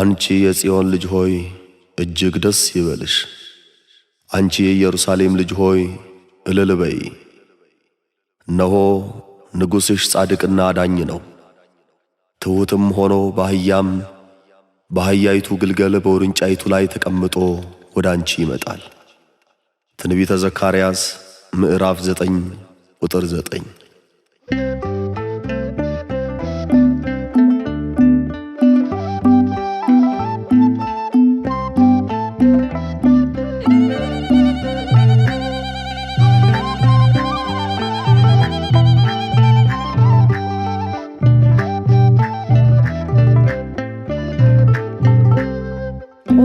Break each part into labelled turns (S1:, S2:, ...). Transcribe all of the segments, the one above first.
S1: አንቺ የጽዮን ልጅ ሆይ እጅግ ደስ ይበልሽ፣ አንቺ የኢየሩሳሌም ልጅ ሆይ እልል በይ። እነሆ ንጉሥሽ ጻድቅና አዳኝ ነው፣ ትሑትም ሆኖ በአህያም በአህያይቱ ግልገል በውርንጫይቱ ላይ ተቀምጦ ወደ አንቺ ይመጣል። ትንቢተ ዘካርያስ ምዕራፍ ዘጠኝ ቁጥር ዘጠኝ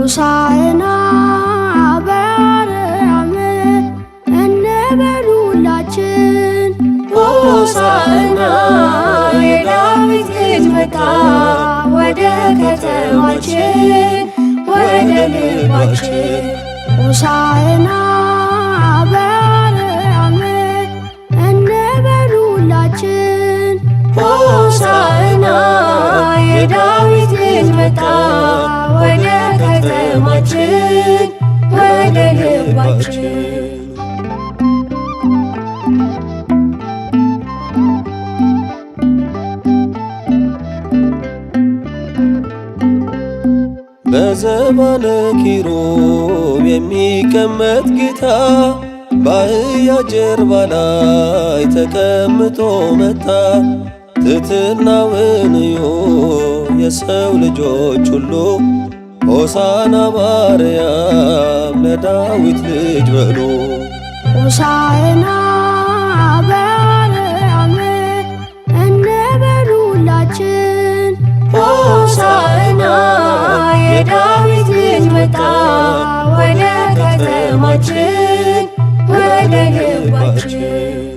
S2: ሆሳዕና በአርያም እንበል ሁላችን
S3: ሆሳዕና የዳዊት ልጅ መጣ ወደ ከተማችን ወደ ልባችን
S2: ሆሳዕና በአርያም እንበል ሁላችን
S3: ሆሳዕና የዳዊት ልጅ መጣ ወደ አለማችን ወደ ልባችን
S4: በዘባነ ኪሩብ የሚቀመጥ ጌታ በአህያ ጀርባ ላይ ተቀምጦ መጣ። ትሕትናውን እዩ የሰው ልጆች ሁሉ ሆሳና ባርያም ለዳዊት ልጅ በሉ
S2: ሆሳና ባርያም እንበሉላችን
S3: ሆሳና የዳዊት ልጅ መጣ ወደ ከተማችን ወደ ልባችን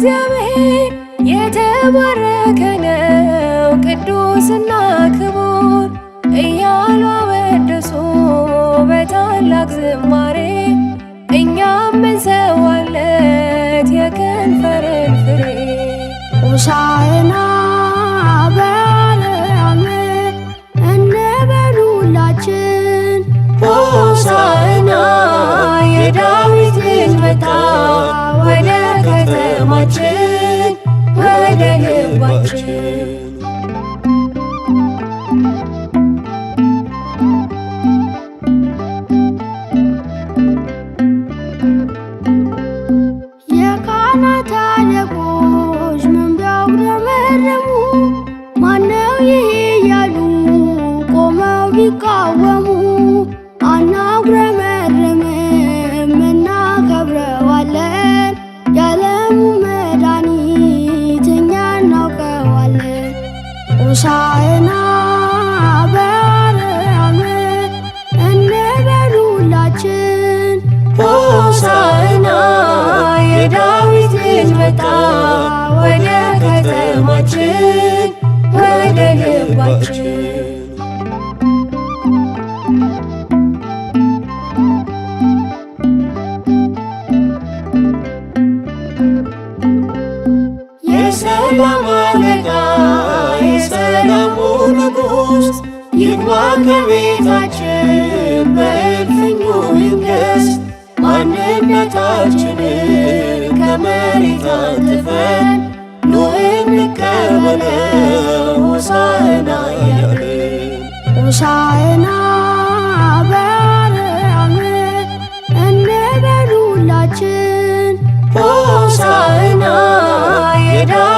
S5: እግዚአብሔር የተባረከ ነው ቅዱስና ክቡር እያሉ አወደሱ በታላቅ ዝማሬ እኛም እንሰዋለት የከንፈርን ፍሬ
S3: ልባችን
S6: የካህናት አለቆች ምን ቢያጉረመርሙ ማነው ይሄ ያሉ ቆመው ቢቃወሙ
S7: ለማለዳ የሰላሙ ንጉሥ ይግባ ከቤታችን በእልፍኙ ይንገስ ማንነታችንን ከመሬት አንጥፈን ኑ እንቀበለው ሆሳዕና
S2: ሆሳዕና በአርያም
S3: ሆሳዕና የዳ